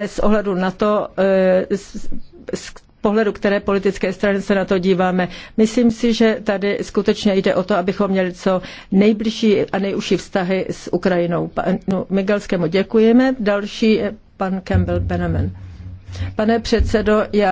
bez ohledu na to, e, z pohledu které politické strany se na to díváme. Myslím si, že tady skutečně jde o to, abychom měli co nejbližší a nejužší vztahy s Ukrajinou. Panu Migalskému děkujeme. Další je pan Campbell Benemen. Pane předsedo, já